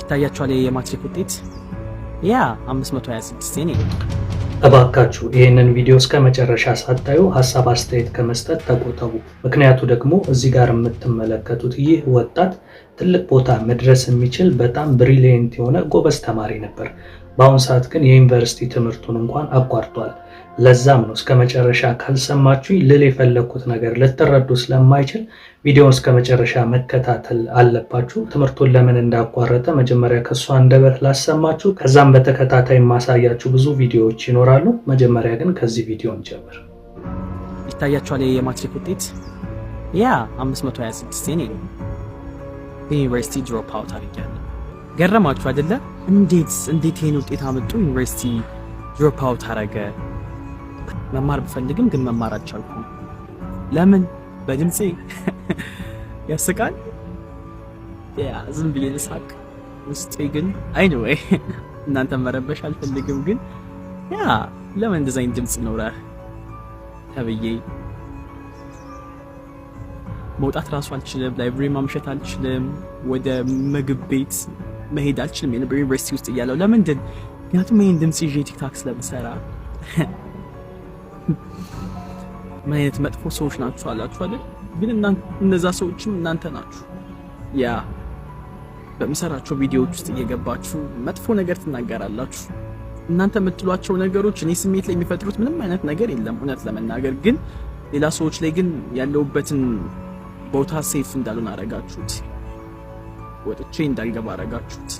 ይታያችኋል የማትሪክ ውጤት ያ 526 ኔ እባካችሁ ይህንን ቪዲዮ እስከ መጨረሻ ሳታዩ ሀሳብ አስተያየት ከመስጠት ተቆጠቡ። ምክንያቱ ደግሞ እዚህ ጋር የምትመለከቱት ይህ ወጣት ትልቅ ቦታ መድረስ የሚችል በጣም ብሪሊየንት የሆነ ጎበዝ ተማሪ ነበር። በአሁኑ ሰዓት ግን የዩኒቨርሲቲ ትምህርቱን እንኳን አቋርጧል። ለዛም ነው እስከ መጨረሻ ካልሰማችሁ ልል የፈለግኩት ነገር ልትረዱ ስለማይችል ቪዲዮውን እስከ መጨረሻ መከታተል አለባችሁ። ትምህርቱን ለምን እንዳቋረጠ መጀመሪያ ከእሱ አንደበት ላሰማችሁ። ከዛም በተከታታይ ማሳያችሁ ብዙ ቪዲዮዎች ይኖራሉ። መጀመሪያ ግን ከዚህ ቪዲዮ እንጀምር። ይታያችኋል የማትሪክ ውጤት ያ 526 ኔ ነው። በዩኒቨርሲቲ ድሮፕ አውት ገረማችሁ አይደለ? እንዴት እንዴት ይህን ውጤት አመጡ? ዩኒቨርሲቲ ድሮፕ አውት አረገ መማር ብፈልግም ግን መማር አልቻልኩም። ለምን? በድምፄ ያስቃል። ያ ዝም ብዬ ልሳቅ ውስጤ ግን አይኒዌይ እናንተ መረበሽ አልፈልግም። ግን ያ ለምን እንደዚያ አይነት ድምፅ ኖረህ ተብዬ መውጣት ራሱ አልችልም። ላይብሪ ማምሸት አልችልም። ወደ ምግብ ቤት መሄድ አልችልም። ዩኒቨርሲቲ ውስጥ እያለው ለምንድን? ምክንያቱም ይህን ድምፅ ይዤ ቲክታክ ስለምሰራ ምን አይነት መጥፎ ሰዎች ናችሁ አላችሁ አይደል? ግን እነዛ ሰዎችም እናንተ ናችሁ። ያ በምሰራቸው ቪዲዮዎች ውስጥ እየገባችሁ መጥፎ ነገር ትናገራላችሁ። እናንተ የምትሏቸው ነገሮች እኔ ስሜት ላይ የሚፈጥሩት ምንም አይነት ነገር የለም እውነት ለመናገር ግን ሌላ ሰዎች ላይ ግን ያለውበትን ቦታ ሴፍ እንዳልሆን አረጋችሁት። ወጥቼ እንዳልገባ አረጋችሁት።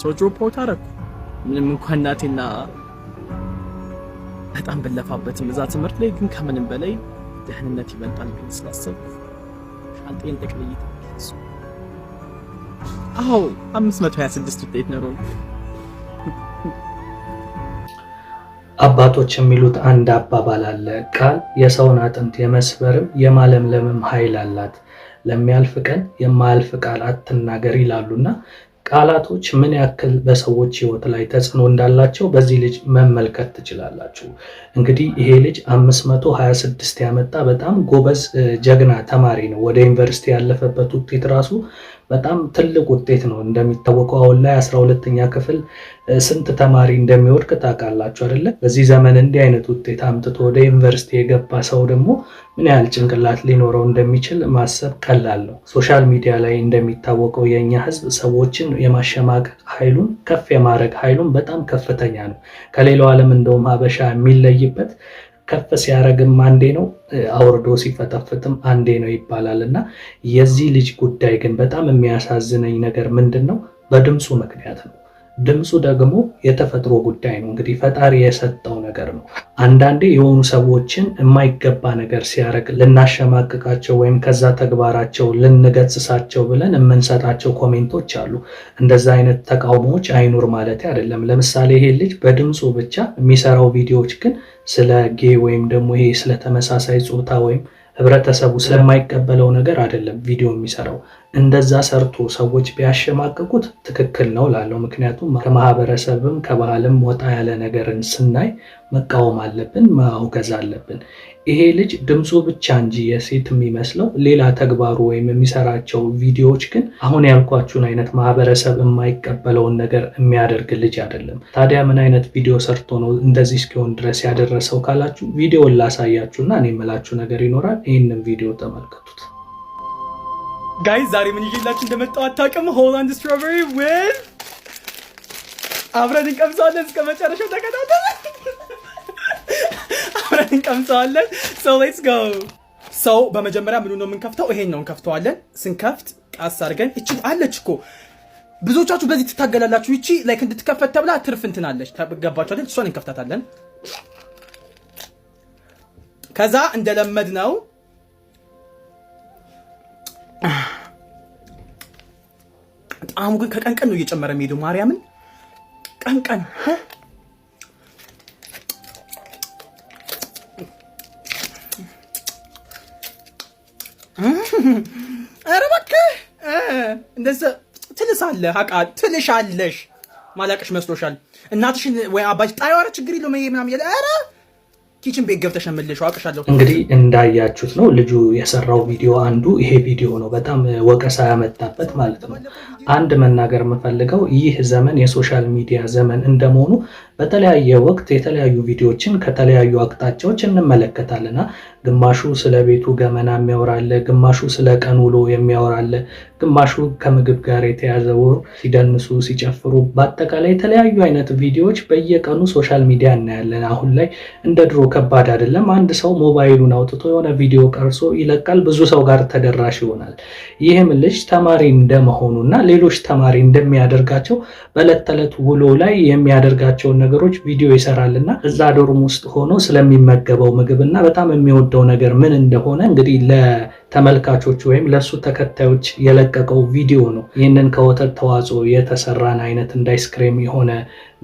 ሰው ድሮፕ አውት አረኩ ምንም እንኳን እናቴና በጣም ብለፋበትም እዛ ትምህርት ላይ ግን ከምንም በላይ ደህንነት ይበልጣል ብዬ ስላሰብ ሻንጤን ጠቅልዬ አዎ 526 ውጤት ነው። አባቶች የሚሉት አንድ አባባል አለ። ቃል የሰውን አጥንት የመስበርም የማለምለምም ኃይል አላት። ለሚያልፍ ቀን የማያልፍ ቃል አትናገር ይላሉና ቃላቶች ምን ያክል በሰዎች ህይወት ላይ ተጽዕኖ እንዳላቸው በዚህ ልጅ መመልከት ትችላላችሁ። እንግዲህ ይሄ ልጅ 526 ያመጣ በጣም ጎበዝ ጀግና ተማሪ ነው። ወደ ዩኒቨርሲቲ ያለፈበት ውጤት ራሱ በጣም ትልቅ ውጤት ነው። እንደሚታወቀው አሁን ላይ አስራ ሁለተኛ ክፍል ስንት ተማሪ እንደሚወድቅ ታውቃላችሁ አይደለ? በዚህ ዘመን እንዲህ አይነት ውጤት አምጥቶ ወደ ዩኒቨርሲቲ የገባ ሰው ደግሞ ምን ያህል ጭንቅላት ሊኖረው እንደሚችል ማሰብ ቀላል ነው። ሶሻል ሚዲያ ላይ እንደሚታወቀው የእኛ ህዝብ ሰዎችን የማሸማቀቅ ኃይሉን ከፍ የማድረግ ኃይሉን በጣም ከፍተኛ ነው። ከሌላው ዓለም እንደውም ሀበሻ የሚለይበት ከፍ ሲያደርግም አንዴ ነው፣ አውርዶ ሲፈጠፍጥም አንዴ ነው ይባላል እና የዚህ ልጅ ጉዳይ ግን በጣም የሚያሳዝነኝ ነገር ምንድን ነው? በድምፁ ምክንያት ነው። ድምፁ ደግሞ የተፈጥሮ ጉዳይ ነው። እንግዲህ ፈጣሪ የሰጠው ነገር ነው። አንዳንዴ የሆኑ ሰዎችን የማይገባ ነገር ሲያደርግ ልናሸማቅቃቸው ወይም ከዛ ተግባራቸው ልንገጽሳቸው ብለን የምንሰጣቸው ኮሜንቶች አሉ። እንደዛ አይነት ተቃውሞዎች አይኑር ማለት አይደለም። ለምሳሌ ይሄ ልጅ በድምፁ ብቻ የሚሰራው ቪዲዮዎች ግን ስለ ጌ ወይም ደግሞ ይሄ ስለ ተመሳሳይ ጾታ ወይም ህብረተሰቡ ስለማይቀበለው ነገር አይደለም ቪዲዮ የሚሰራው እንደዛ ሰርቶ ሰዎች ቢያሸማቅቁት ትክክል ነው ላለው። ምክንያቱም ከማህበረሰብም ከባህልም ወጣ ያለ ነገርን ስናይ መቃወም አለብን፣ ማውገዝ አለብን። ይሄ ልጅ ድምፁ ብቻ እንጂ የሴት የሚመስለው ሌላ ተግባሩ ወይም የሚሰራቸው ቪዲዮዎች ግን አሁን ያልኳችሁን አይነት ማህበረሰብ የማይቀበለውን ነገር የሚያደርግ ልጅ አይደለም። ታዲያ ምን አይነት ቪዲዮ ሰርቶ ነው እንደዚህ እስኪሆን ድረስ ያደረሰው ካላችሁ ቪዲዮን ላሳያችሁና እኔ የምላችሁ ነገር ይኖራል። ይህንም ቪዲዮ ተመልከቱት። ጋይዝ ዛሬ ምን ይዤላችሁ እንደመጣሁ አታውቅም። ሆላንድ ስትሮበሪ ዊዝ አብረን እንቀምሰዋለን። እስከ መጨረሻው ተከታተል። አብረን እንቀምሰዋለን። ሶ ሌትስ ጎ። ሰው በመጀመሪያ ምኑ ነው የምንከፍተው? ይሄን ነው እንከፍተዋለን። ስንከፍት ቃስ አድርገን እቺ አለች እኮ ብዙዎቻችሁ በዚህ ትታገላላችሁ። ይቺ ላይክ እንድትከፈት ተብላ ትርፍ እንትናለች ገባችሁ አይደል? እሷን እንከፍታታለን። ከዛ እንደለመድ ነው ጣዕሙ ግን ከቀን ቀን ነው እየጨመረ የሚሄደው። ማርያምን ቀን ቀን ኧረ እባክህ እንደዚያ ትልሳለህ። ትልሽ አለሽ ማላቀሽ መስሎሻል። እናትሽን ወይ አባትሽ ጣይዋረ ችግር የለውም ምናምን እያለ ኧረ ኪችን ቤት ገብተሽ የምልሽ አውቅሻለሁ። እንግዲህ እንዳያችሁት ነው ልጁ የሰራው ቪዲዮ አንዱ ይሄ ቪዲዮ ነው። በጣም ወቀሳ ያመጣበት ማለት ነው። አንድ መናገር የምፈልገው ይህ ዘመን የሶሻል ሚዲያ ዘመን እንደመሆኑ በተለያየ ወቅት የተለያዩ ቪዲዮዎችን ከተለያዩ አቅጣጫዎች እንመለከታልና ግማሹ ስለ ቤቱ ገመና የሚያወራለ፣ ግማሹ ስለ ቀን ውሎ የሚያወራለ፣ ግማሹ ከምግብ ጋር የተያዘ ወር ሲደንሱ ሲጨፍሩ፣ በአጠቃላይ የተለያዩ አይነት ቪዲዮዎች በየቀኑ ሶሻል ሚዲያ እናያለን። አሁን ላይ እንደ ድሮ ከባድ አይደለም። አንድ ሰው ሞባይሉን አውጥቶ የሆነ ቪዲዮ ቀርሶ ይለቃል፣ ብዙ ሰው ጋር ተደራሽ ይሆናል። ይህም ልጅ ተማሪ እንደመሆኑና ሌሎች ተማሪ እንደሚያደርጋቸው በዕለት ተዕለት ውሎ ላይ የሚያደርጋቸውን ነገሮች ቪዲዮ ይሰራልና እዛ ዶርም ውስጥ ሆኖ ስለሚመገበው ምግብ እና በጣም የሚወደው ነገር ምን እንደሆነ እንግዲህ ተመልካቾች ወይም ለእሱ ተከታዮች የለቀቀው ቪዲዮ ነው። ይህንን ከወተት ተዋጽኦ የተሰራን አይነት አይስክሬም የሆነ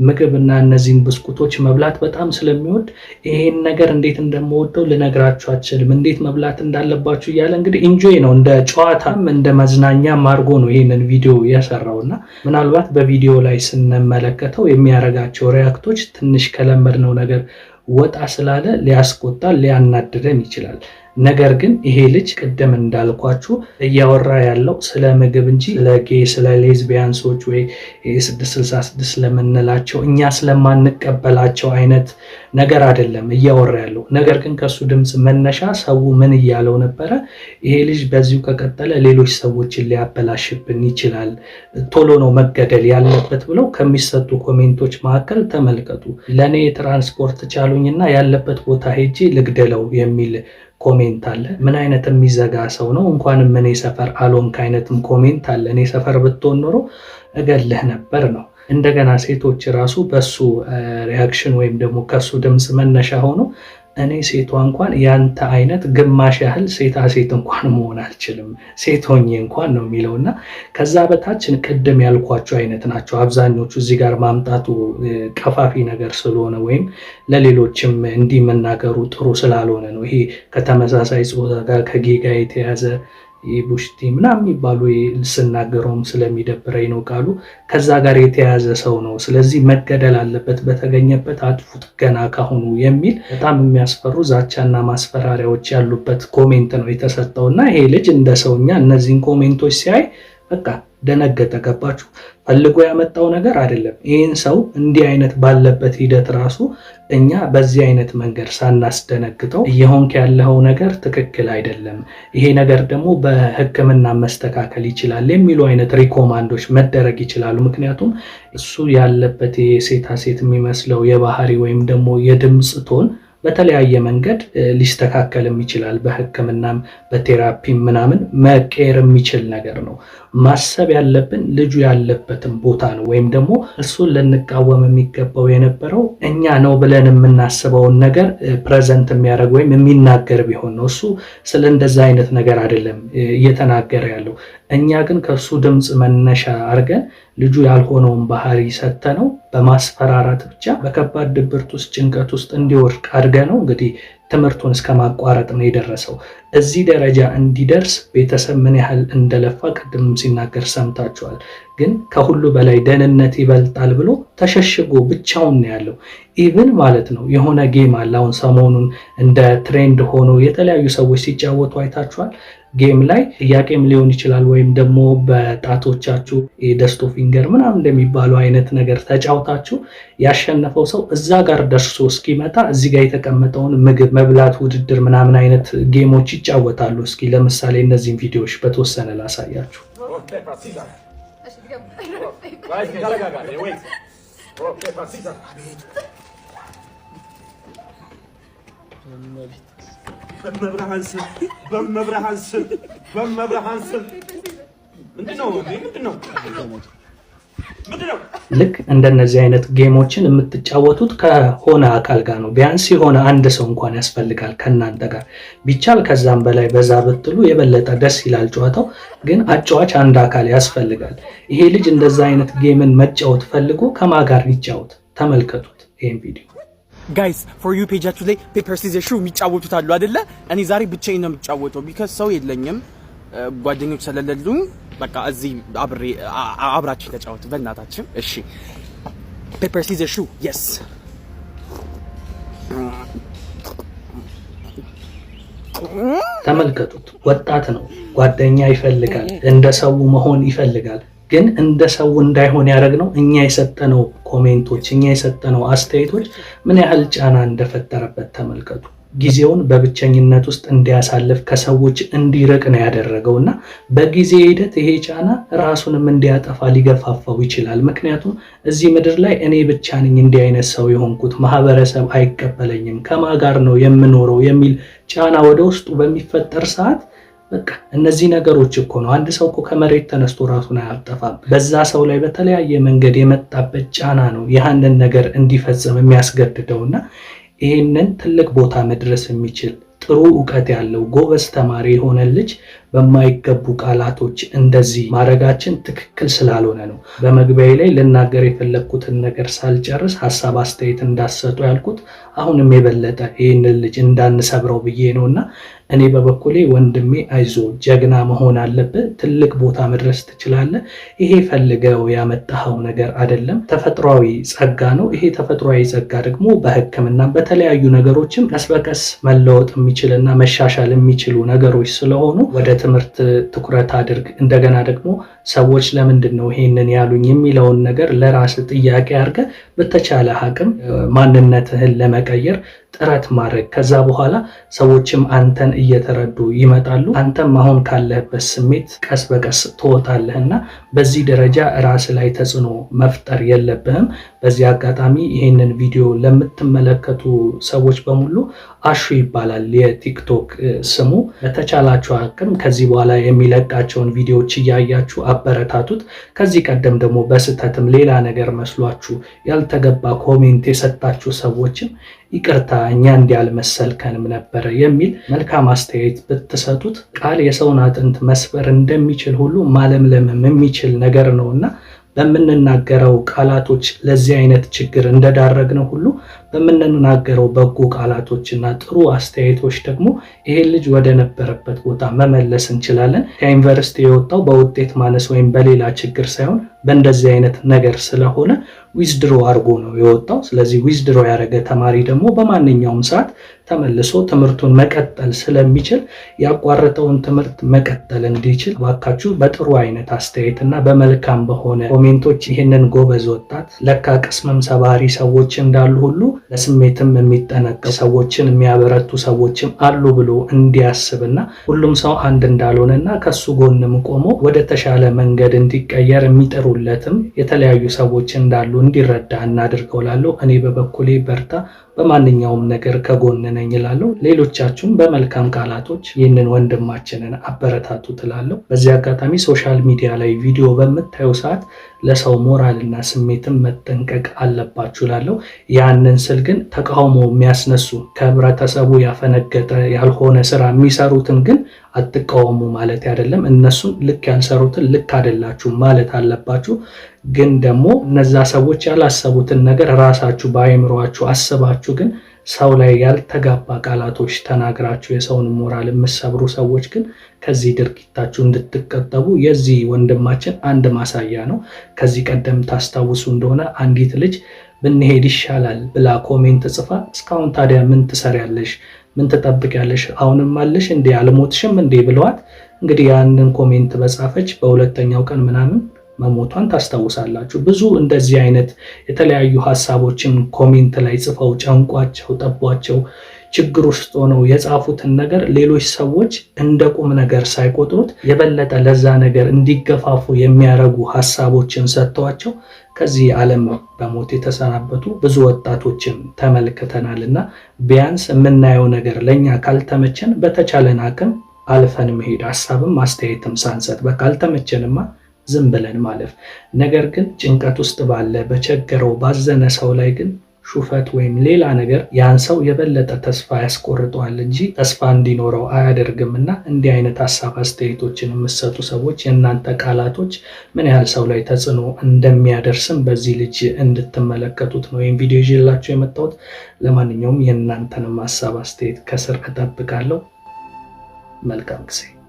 ምግብ እና እነዚህን ብስኩቶች መብላት በጣም ስለሚወድ ይህን ነገር እንዴት እንደምወደው ልነግራችሁ አችልም። እንዴት መብላት እንዳለባችሁ እያለ እንግዲህ ኢንጆይ ነው እንደ ጨዋታም እንደ መዝናኛም አድርጎ ነው ይህንን ቪዲዮ የሰራው እና ምናልባት በቪዲዮ ላይ ስንመለከተው የሚያደርጋቸው ሪያክቶች ትንሽ ከለመድነው ነገር ወጣ ስላለ ሊያስቆጣ ሊያናድደን ይችላል። ነገር ግን ይሄ ልጅ ቅድም እንዳልኳችሁ እያወራ ያለው ስለ ምግብ እንጂ ጌ ስለ ሌዝቢያንሶች ወይ 666 ለምንላቸው ስለምንላቸው እኛ ስለማንቀበላቸው አይነት ነገር አይደለም እያወራ ያለው። ነገር ግን ከሱ ድምፅ መነሻ ሰው ምን እያለው ነበረ? ይሄ ልጅ በዚሁ ከቀጠለ ሌሎች ሰዎችን ሊያበላሽብን ይችላል፣ ቶሎ ነው መገደል ያለበት ብለው ከሚሰጡ ኮሜንቶች መካከል ተመልከቱ። ለእኔ የትራንስፖርት ቻሉኝና ያለበት ቦታ ሄጄ ልግደለው የሚል ኮሜንት አለ። ምን አይነት የሚዘጋ ሰው ነው? እንኳንም እኔ ሰፈር አልሆንክ አይነትም ኮሜንት አለ። እኔ ሰፈር ብትሆን ኖሮ እገልህ ነበር ነው። እንደገና ሴቶች ራሱ በሱ ሪያክሽን ወይም ደግሞ ከሱ ድምፅ መነሻ ሆኖ እኔ ሴቷ እንኳን ያንተ አይነት ግማሽ ያህል ሴታ ሴት እንኳን መሆን አልችልም፣ ሴት ሆኜ እንኳን ነው የሚለው እና ከዛ በታችን ቅድም ያልኳቸው አይነት ናቸው አብዛኞቹ። እዚህ ጋር ማምጣቱ ቀፋፊ ነገር ስለሆነ ወይም ለሌሎችም እንዲህ መናገሩ ጥሩ ስላልሆነ ነው። ይሄ ከተመሳሳይ ጾታ ጋር ከጌጋ የተያዘ ቡሽቲ ምናምን የሚባሉ ስናገረውም ስለሚደብረኝ ነው ቃሉ ከዛ ጋር የተያያዘ ሰው ነው። ስለዚህ መገደል አለበት፣ በተገኘበት አጥፉት ገና ካሁኑ የሚል በጣም የሚያስፈሩ ዛቻና ማስፈራሪያዎች ያሉበት ኮሜንት ነው የተሰጠውእና ይሄ ልጅ እንደ ሰውኛ እነዚህን ኮሜንቶች ሲያይ በቃ ደነገጠ። ገባችሁ? ፈልጎ ያመጣው ነገር አይደለም። ይህን ሰው እንዲህ አይነት ባለበት ሂደት ራሱ እኛ በዚህ አይነት መንገድ ሳናስደነግጠው እየሆንክ ያለው ነገር ትክክል አይደለም፣ ይሄ ነገር ደግሞ በሕክምና መስተካከል ይችላል የሚሉ አይነት ሪኮማንዶች መደረግ ይችላሉ። ምክንያቱም እሱ ያለበት የሴታሴት የሚመስለው የባህሪ ወይም ደግሞ የድምፅ ቶን በተለያየ መንገድ ሊስተካከልም ይችላል። በህክምናም በቴራፒም ምናምን መቀየር የሚችል ነገር ነው። ማሰብ ያለብን ልጁ ያለበትን ቦታ ነው። ወይም ደግሞ እሱን ልንቃወም የሚገባው የነበረው እኛ ነው ብለን የምናስበውን ነገር ፕሬዘንት የሚያደርግ ወይም የሚናገር ቢሆን ነው። እሱ ስለ እንደዛ አይነት ነገር አይደለም እየተናገረ ያለው። እኛ ግን ከእሱ ድምፅ መነሻ አድርገን ልጁ ያልሆነውን ባህሪ ሰተ ነው በማስፈራራት ብቻ በከባድ ድብርት ውስጥ ጭንቀት ውስጥ እንዲወድቅ እየተደረገ ነው። እንግዲህ ትምህርቱን እስከ ማቋረጥ ነው የደረሰው። እዚህ ደረጃ እንዲደርስ ቤተሰብ ምን ያህል እንደለፋ ቅድምም ሲናገር ሰምታችኋል። ግን ከሁሉ በላይ ደህንነት ይበልጣል ብሎ ተሸሽጎ ብቻውን ያለው። ኢቭን ማለት ነው የሆነ ጌም አለ አሁን ሰሞኑን እንደ ትሬንድ ሆኖ የተለያዩ ሰዎች ሲጫወቱ አይታችኋል። ጌም ላይ ጥያቄም ሊሆን ይችላል ወይም ደግሞ በጣቶቻችሁ የደስቶ ፊንገር ምናምን እንደሚባሉ አይነት ነገር ተጫውታችሁ ያሸነፈው ሰው እዛ ጋር ደርሶ እስኪመጣ እዚህ ጋር የተቀመጠውን ምግብ መብላት ውድድር ምናምን አይነት ጌሞች ይጫወታሉ። እስኪ ለምሳሌ እነዚህን ቪዲዮዎች በተወሰነ ላሳያችሁ። በመብርሃን ስም በመብርሃን ስም በመብርሃን ስም ልክ እንደነዚህ አይነት ጌሞችን የምትጫወቱት ከሆነ አካል ጋር ነው። ቢያንስ የሆነ አንድ ሰው እንኳን ያስፈልጋል ከእናንተ ጋር ቢቻል ከዛም በላይ በዛ ብትሉ የበለጠ ደስ ይላል ጨዋታው። ግን አጫዋች አንድ አካል ያስፈልጋል። ይሄ ልጅ እንደዛ አይነት ጌምን መጫወት ፈልጎ ከማ ጋር ይጫወት? ተመልከቱት ይህን ቪዲዮ። ጋይስ ፎር ዩ ፔጃችሁ ላይ ፔፐር ሲዘር ሹ የሚጫወቱት አሉ አይደለ? እኔ ዛሬ ብቻዬን ነው የምጫወተው፣ ቢካዝ ሰው የለኝም ጓደኞች ስለሌሉኝ። በቃ እዚህ አብሬ አብራችን ተጫወት በእናታችን። እሺ ፔፐር ሲዘር ሹ የስ ተመልከቱት። ወጣት ነው፣ ጓደኛ ይፈልጋል፣ እንደ ሰው መሆን ይፈልጋል። ግን እንደ ሰው እንዳይሆን ያደረግነው እኛ የሰጠነው ኮሜንቶች፣ እኛ የሰጠነው አስተያየቶች ምን ያህል ጫና እንደፈጠረበት ተመልከቱ። ጊዜውን በብቸኝነት ውስጥ እንዲያሳልፍ ከሰዎች እንዲርቅ ነው ያደረገው እና በጊዜ ሂደት ይሄ ጫና ራሱንም እንዲያጠፋ ሊገፋፋው ይችላል። ምክንያቱም እዚህ ምድር ላይ እኔ ብቻ ነኝ እንዲህ አይነት ሰው የሆንኩት፣ ማህበረሰብ አይቀበለኝም፣ ከማጋር ጋር ነው የምኖረው የሚል ጫና ወደ ውስጡ በሚፈጠር ሰዓት በቃ እነዚህ ነገሮች እኮ ነው። አንድ ሰው እኮ ከመሬት ተነስቶ ራሱን አያጠፋም። በዛ ሰው ላይ በተለያየ መንገድ የመጣበት ጫና ነው ያንን ነገር እንዲፈጽም የሚያስገድደውና ይህንን ትልቅ ቦታ መድረስ የሚችል ጥሩ እውቀት ያለው ጎበዝ ተማሪ የሆነ ልጅ በማይገቡ ቃላቶች እንደዚህ ማድረጋችን ትክክል ስላልሆነ ነው። በመግቢያ ላይ ልናገር የፈለግኩትን ነገር ሳልጨርስ ሀሳብ አስተያየት እንዳሰጡ ያልኩት አሁንም የበለጠ ይህንን ልጅ እንዳንሰብረው ብዬ ነው እና እኔ በበኩሌ ወንድሜ አይዞ ጀግና መሆን አለብህ፣ ትልቅ ቦታ መድረስ ትችላለህ። ይሄ ፈልገው ያመጣኸው ነገር አይደለም፣ ተፈጥሯዊ ጸጋ ነው። ይሄ ተፈጥሯዊ ጸጋ ደግሞ በሕክምና በተለያዩ ነገሮችም ቀስ በቀስ መለወጥ የሚችልና መሻሻል የሚችሉ ነገሮች ስለሆኑ ወደ የትምህርት ትኩረት አድርግ። እንደገና ደግሞ ሰዎች ለምንድን ነው ይሄንን ያሉኝ የሚለውን ነገር ለራስ ጥያቄ አድርገ በተቻለ አቅም ማንነትህን ለመቀየር ጥረት ማድረግ። ከዛ በኋላ ሰዎችም አንተን እየተረዱ ይመጣሉ። አንተም አሁን ካለህበት ስሜት ቀስ በቀስ ትወጣለህ እና በዚህ ደረጃ ራስ ላይ ተጽዕኖ መፍጠር የለብህም። በዚህ አጋጣሚ ይሄንን ቪዲዮ ለምትመለከቱ ሰዎች በሙሉ አሹ ይባላል የቲክቶክ ስሙ። በተቻላችሁ አቅም ከዚህ በኋላ የሚለቃቸውን ቪዲዮዎች እያያችሁ አበረታቱት። ከዚህ ቀደም ደግሞ በስህተትም ሌላ ነገር መስሏችሁ ያልተገባ ኮሜንት የሰጣችሁ ሰዎችም ይቅርታ እኛ እንዲያልመሰልከንም ነበረ የሚል መልካም አስተያየት ብትሰጡት ቃል የሰውን አጥንት መስበር እንደሚችል ሁሉ ማለምለምም የሚችል ነገር ነው እና በምንናገረው ቃላቶች ለዚህ አይነት ችግር እንደዳረግነው ሁሉ በምንናገረው በጎ ቃላቶች እና ጥሩ አስተያየቶች ደግሞ ይሄ ልጅ ወደ ነበረበት ቦታ መመለስ እንችላለን። ከዩኒቨርሲቲ የወጣው በውጤት ማነስ ወይም በሌላ ችግር ሳይሆን በእንደዚህ አይነት ነገር ስለሆነ ዊዝድሮ አድርጎ ነው የወጣው። ስለዚህ ዊዝድሮ ያደረገ ተማሪ ደግሞ በማንኛውም ሰዓት ተመልሶ ትምህርቱን መቀጠል ስለሚችል ያቋረጠውን ትምህርት መቀጠል እንዲችል ባካችሁ በጥሩ አይነት አስተያየት እና በመልካም በሆነ ኮሜንቶች ይህንን ጎበዝ ወጣት ለካ ቅስምም ሰባሪ ሰዎች እንዳሉ ሁሉ ለስሜትም የሚጠነቅ ሰዎችን የሚያበረቱ ሰዎችም አሉ ብሎ እንዲያስብና ሁሉም ሰው አንድ እንዳልሆነና ከሱ ጎንም ቆሞ ወደ ተሻለ መንገድ እንዲቀየር የሚጥሩለትም የተለያዩ ሰዎች እንዳሉ እንዲረዳ እናድርገው ላለው እኔ በበኩሌ በርታ በማንኛውም ነገር ከጎን ነኝ እላለሁ። ሌሎቻችሁም በመልካም ቃላቶች ይህንን ወንድማችንን አበረታቱ ትላለሁ። በዚህ አጋጣሚ ሶሻል ሚዲያ ላይ ቪዲዮ በምታዩ ሰዓት ለሰው ሞራልና ስሜትን መጠንቀቅ አለባችሁ እላለሁ። ያንን ስል ግን ተቃውሞ የሚያስነሱ ከህብረተሰቡ ያፈነገጠ ያልሆነ ስራ የሚሰሩትን ግን አትቃወሙ ማለት አይደለም። እነሱን ልክ ያልሰሩትን ልክ አይደላችሁ ማለት አለባችሁ። ግን ደግሞ እነዛ ሰዎች ያላሰቡትን ነገር ራሳችሁ በአይምሯችሁ አስባችሁ ግን ሰው ላይ ያልተጋባ ቃላቶች ተናግራችሁ የሰውን ሞራል የምሰብሩ ሰዎች ግን ከዚህ ድርጊታችሁ እንድትቀጠቡ የዚህ ወንድማችን አንድ ማሳያ ነው። ከዚህ ቀደም ታስታውሱ እንደሆነ አንዲት ልጅ ብንሄድ ይሻላል ብላ ኮሜንት ጽፋ እስካሁን ታዲያ ምን ትሰሪያለሽ ምን ትጠብቂያለሽ? አሁንም አለሽ እንዴ አልሞትሽም እንዴ ብለዋት እንግዲህ ያንን ኮሜንት በጻፈች በሁለተኛው ቀን ምናምን መሞቷን ታስታውሳላችሁ። ብዙ እንደዚህ አይነት የተለያዩ ሀሳቦችን ኮሜንት ላይ ጽፈው ጨንቋቸው ጠቧቸው ችግር ውስጥ ሆነው የጻፉትን ነገር ሌሎች ሰዎች እንደ ቁም ነገር ሳይቆጥሩት የበለጠ ለዛ ነገር እንዲገፋፉ የሚያደርጉ ሀሳቦችን ሰጥተዋቸው ከዚህ ዓለም በሞት የተሰናበቱ ብዙ ወጣቶችን ተመልክተናል እና ቢያንስ የምናየው ነገር ለእኛ ካልተመቸን በተቻለን አቅም አልፈን መሄድ ሀሳብም አስተያየትም ሳንሰጥ በቃ አልተመቸንማ ዝም ብለን ማለፍ። ነገር ግን ጭንቀት ውስጥ ባለ በቸገረው ባዘነ ሰው ላይ ግን ሹፈት ወይም ሌላ ነገር ያን ሰው የበለጠ ተስፋ ያስቆርጠዋል እንጂ ተስፋ እንዲኖረው አያደርግም። እና እንዲህ አይነት ሀሳብ አስተያየቶችን የምትሰጡ ሰዎች የእናንተ ቃላቶች ምን ያህል ሰው ላይ ተጽዕኖ እንደሚያደርስም በዚህ ልጅ እንድትመለከቱት ነው ወይም ቪዲዮ ይዤላችሁ የመጣሁት። ለማንኛውም የእናንተንም ሀሳብ አስተያየት ከስር እጠብቃለሁ። መልካም ጊዜ